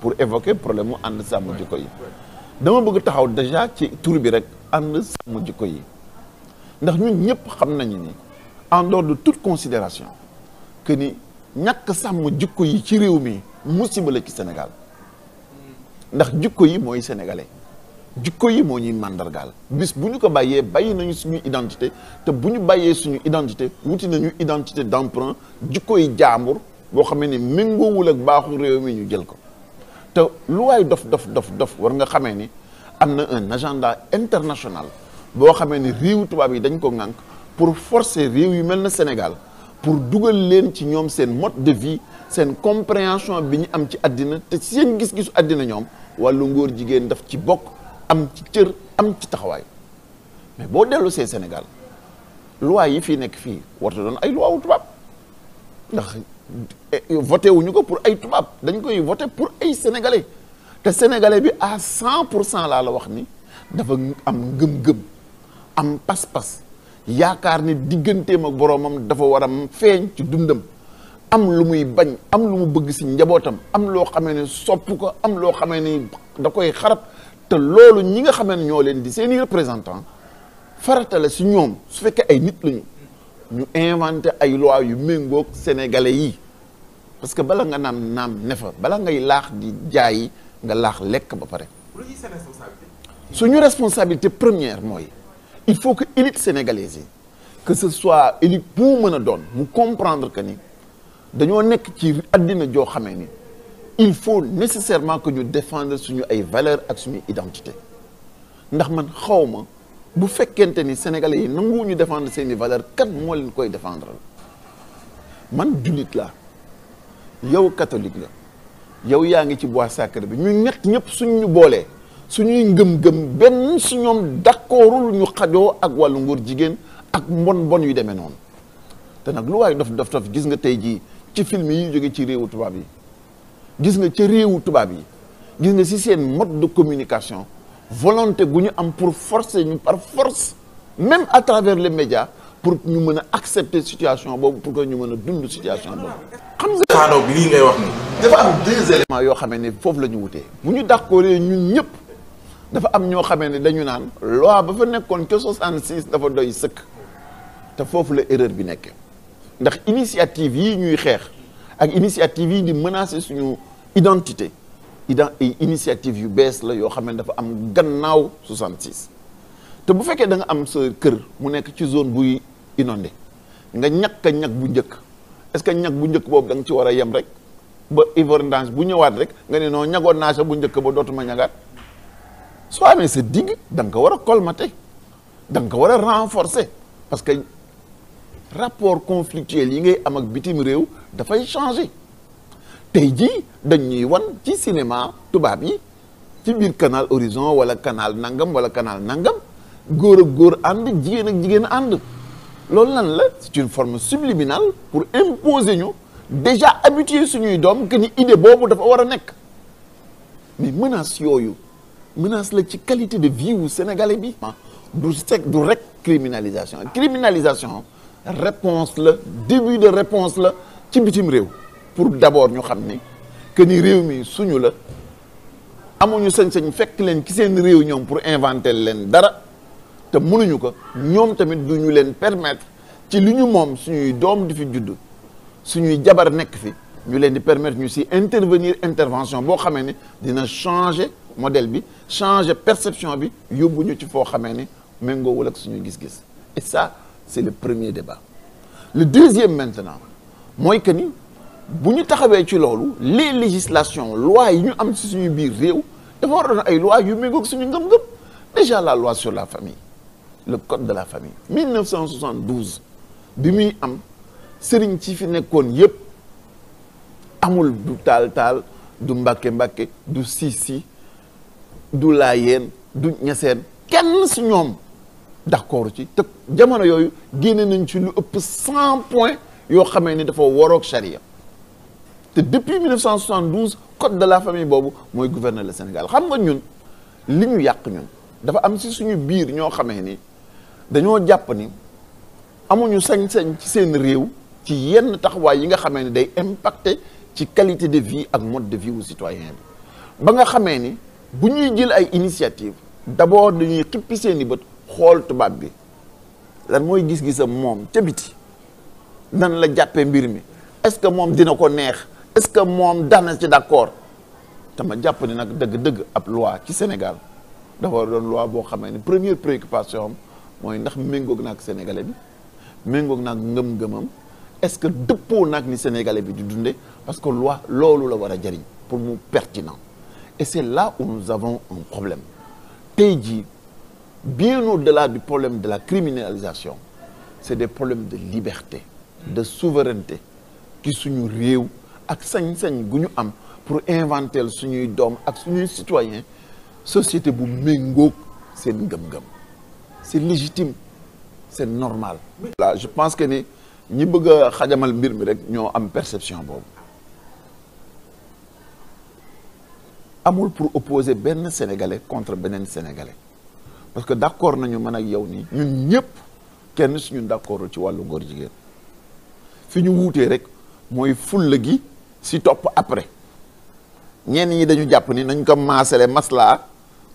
pour évoquer problème mu ànd sàmm jikko yi dama bëgg taxaw déjà ci tur bi rek ànd sàmm jikko yi ndax ñun ñëpp xam nañu ni en dehors de toute considération que ni ñàkk sàmm jikko yi ci réew mi musiba la ci Sénégal ndax jikko yi mooy sénégalais jikko yi moo ñuy màndargaal bis bu ñu ko bàyyee bàyyi nañu suñu identité te bu ñu bàyyee suñu identité wuti nañu identité d'emprunt jikko yi jaambur boo xamee ne méngoowul ak baaxu réew mi ñu jël ko te lu dof dof dof dof war nga xame ni am na un agenda international boo xamee ni réewu tubaab yi dañ ko ŋànk pour forcer réew yu mel na Sénégal pour dugal leen ci ñoom seen mode de vie seen compréhension bi ñu am ci àddina te seen gis-gisu àddina ñoom wàllu ngóor jigéen daf ci bokk am ci cër am ci taxawaay mais boo dellu see Sénégal loi yi fii nekk fii warta doon ay loi wu tubaab voté wuñu ko pour ay tubaab dañ koy voté pour ay sénégalais te sénégalais bi à cent pour cent laa la wax ni dafa am ngëm-ngëm am pas-pas yaakaar ni digganteem ak boroomam dafa war a feeñ ci dundam am lu muy bañ am lu mu bëgg si njabootam am loo xamee ne sopp ko am loo xamee ni da koy xarab te loolu ñi nga xamee ne ñoo leen di seen i représentant farata la si ñoom su fekkee ay nit lañu ñu inventé ay loi yu méngoog sénégalais yi parce que bala nga naan naam nefa bala ngay laax di jaayi nga laax lekk ba pare. suñu responsabilité première mooy il faut que élite sénégalaise yi que ce soit élite bu mën a doon mu comprendre que ni dañoo nekk ci addina joo xamee ni il faut nécessairement que ñu défendre suñu ay valeurs ak suñu identité ndax man xawma bu fekkente ni sénégalais yi nanguwuñu défendre seen i valeur kat moo leen koy défendre man jullit laa yow catholique la yow yaa ngi ci bois sacré bi ñu ñett ñëpp suñ ñu boolee suñuy ngëm-ngëm benn su ñoom d'accordul ñu xajoo ak wàllu nguur jigéen ak mbon mbon yu demee noonu te nag lu waaye dof dof dof gis nga tey jii ci film yi jóge ci réewu tubaab yi gis nga ci réewu tubaab yi gis nga si seen mode de communication volonté gu ñu am pour forcer ñu par force même à travers les médias pour ñu mën a accepter situation boobu pour que ñu mën a dund situation boobu. xam nga kaano bi lii ngay wax ni dafa am deux éléments yoo xamee ne foofu la ñu wutee bu ñu d'accord ñun ñëpp dafa am ñoo xamee ne dañu naan loi ba fa nekkoon que 66 dafa doy sëkk te foofu la erreur bi nekkee ndax initiative yi ñuy xeex ak initiative yi di menacer suñu identité ident ay initiative yu bees la yoo xam ne dafa am gannaaw 66 te bu fekkee da nga am sa kër mu nekk ci zone buy inondé nga ñàkk a bu njëkk est-ce que ñàkk bu njëkk boobu da nga ci war a yem rek ba hivernage bu ñëwaat rek nga ne noo ñagoon naa bu njëkk ba dootuma ñagaat soo amee sa digg da ka war a colmater da nga ko war a renforcer parce que rapport conflictuel yi ngay am ak bitim réew dafay changer tey ji dañ ñuy wan ci cinéma tubaab yi ci biir canal horizon wala canal nangam wala canal nangam góor ak góor ànd jigéen ak jigéen ànd loolu lan la c'est une forme subliminale pour imposer ñu déjà habitué suñuy doom que ni idée boobu dafa war a nekk mais menace yooyu menace la ci qualité de vie wu sénégalais bi du sec du rek criminalisation criminalisation réponse la début de réponse la ci bitim réew pour d'abord ñu xam ni que ni réew mii suñu la amuñu sañ-sañ fekk leen ci seen réew ñoom pour inventer leen dara te mënuñu ko ñoom tamit du ñu leen permettre ci li ñu moom suñuy doom di fi juddu suñuy jabar nekk fi ñu leen di permettre ñu si intervenir intervention boo xamee ni dina changer modèle bi changer perception bi yóbbu ñu ci foo xamee ni méngoowul ak suñu gis-gis et ça c'est le premier débat le deuxième maintenant mooy que bu ñu taxawee ci loolu les législation loi yi ñu am ci suñu biir réew dafa war a doon ay loi yu méngoog suñu ngëm-ngëm déjà la loi sur la famille le code de la famille 1972 bi muy am sëriñ ci fi nekkoon yépp amul du taal taal du mbàkke mbake du siisi du laayeen du ñeseen kenn si ñoom d'accord ci te jamono yooyu génne nañ ci lu ëpp 100 points yoo xamee ni dafa waroog charia te depuis 1972 code de la famille boobu mooy gouverner le Sénégal xam nga ñun li ñu yàq ñun dafa am si suñu biir ñoo xamee ni dañoo jàpp ni amuñu sañ-sañ ci seen réew ci yenn taxawaay yi nga xamee ni day impacter ci qualité de vie ak mode de vie wu citoyen bi ba nga xamee ni bu ñuy jël ay initiative d'abord dañuy xippi seen i bët xool tubaab bi lan mooy gis-gisam moom ca biti nan la jàppee mbir mi est-ce que moom dina ko neex est-ce que moom dana ci d'accord te ma jàpp ni nag dëgg-dëgg ab loi ci Sénégal dafa war doon loi boo xamee ni première préoccupation mooy ndax méngoog naag sénégalais bi méngoog naag ngëm-ngëmam est-ce que dëppoo naag ni sénégalais bi di dundee parce que loi loolu la war a jariñ pour mu pertinent et c'est là où nous avons un problème tey jii bien au-delà du problème de la criminalisation c'est des problèmes de liberté de souveraineté ci suñu réew ak sañ-sañ gu ñu am pour inventer suñuy doom ak suñuy citoyen société bu méngoog seen ngëm-ngëm c'est légitime c'est normal là je pense que ni ñi bëgg a xajamal mbir mi rek ñoo am perception boobu amul pour opposer benn sénégalais contre beneen sénégalais parce que d'accord nañu man ak yow nii ñun ñëpp kenn su suñu d'accordul ci wàllu ngóor jigéen fi ñu wuutee rek mooy fulla gi si topp après ñenn ñi dañu jàpp ni nañ ko maasale maslaa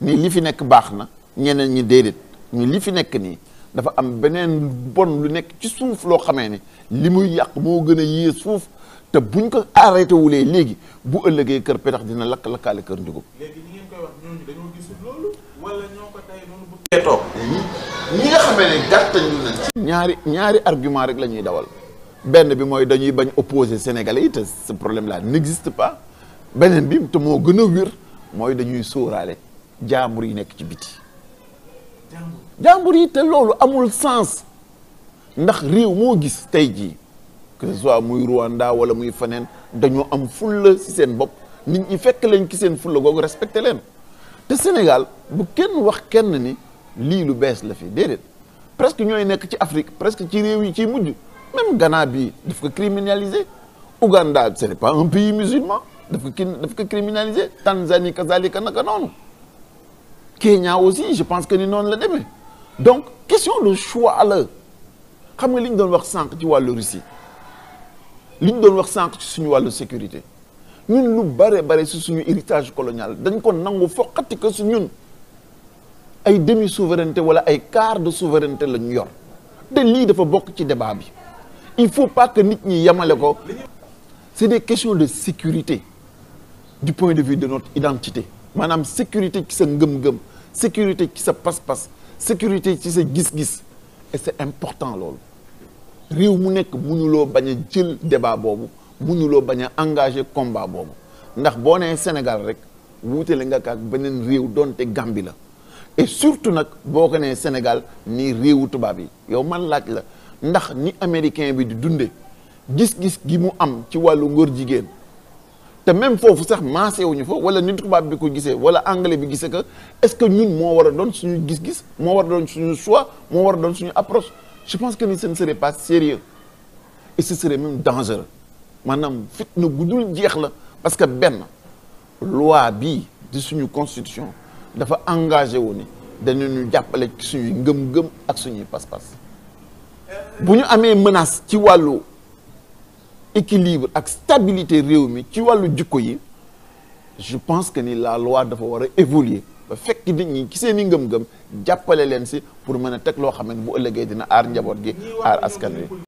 ni li fi nekk baax na ñeneen ñi déedéet ñu li fi nekk nii dafa am beneen bon lu nekk ci suuf loo xamee ni li muy yàq moo gën a yee suuf te buñ ko arrêté wulee léegi bu ëllëgee kër petax dina lakk lakkaale kër njugub. léegi ñi nga xamee ne gàttañu nañ. ñaari ñaari argument rek la ñuy dawal. benn bi mooy dañuy bañ opposé sénégal yi te ce problème là n'existe pas beneen bi te moo gën a wér mooy dañuy sóoraale jaambur yi nekk ci biti jaambur yi te loolu amul sens ndax réew moo gis tey jii que ce soit muy Rwanda wala muy faneen dañoo am fulla ci seen bopp nit ñi fekk lañ ki seen fulla googu respecté leen te Sénégal bu kenn wax kenn ni lii lu bees la fi déedéet presque ñooy nekk ci Afrique presque ci réew yi ci mujj même ganaar bi daf ko criminaliser Ouganda ce n'est pas un pays musulman daf ko daf ko criminaliser Tanzanie kazalika a noonu Kenya aussi je pense que ni noonu la demee donc question de choix la xam nga li doon wax sànq ci wàllu Russie li ñu doon wax sànq ci suñu wàllu sécurité ñun lu bare bare si suñu héritage colonial dañ kon nangu foqati ko si ay demi souveraineté wala ay quart de souveraineté la ñu yor te lii dafa bokk ci débat bi il faut pas que nit ñi yemale ko c'est des questions de sécurité du point de vue de not identité maanaam sécurité ci sa ngëm-ngëm sécurité ci sa pas-pas sécurité ci sa gis-gis et c'est important loolu réew mu nekk mënuloo bañ a jël débat boobu mënuloo bañ a engagé combat boobu ndax boo nee Sénégal rek wuutale nga kaak beneen réew doonte Gambie la et surtout nag boo ko nee Sénégal nii réewu tubaab yi yow man laaj la ndax ni américain bi di dunde gis-gis gi mu am ci wàllu ngóor jigéen te même foofu sax maasee wuñu fa wala nit tubaab bi ko gisee wala anglais bi gisee que est-ce que ñun moo war a doon suñu gis-gis moo war a doon suñu choix moo war a doon suñu approche je pense que ni ce ne serait pas sérieux et ce serait même dangereux maanaam fitna gudul jeex la parce que benn loi bii di suñu constitution dafa engagé wu ni dañu ñu jàppale ci suñuy ngëm-ngëm ak suñuy pas-pas bu ñu amee menace ci wàllu équilibre ak stabilité réew mi ci wàllu jikko yi je pense que ni la loi dafa war a évoluer ba fekk nit ñi ci seen i ngëm-ngëm jàppale leen si pour mën a teg loo xam ne bu ëllëgee dina aar njaboot gi aar askan wi